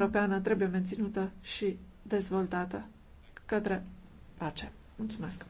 europeană trebuie menținută și dezvoltată către pace. Mulțumesc!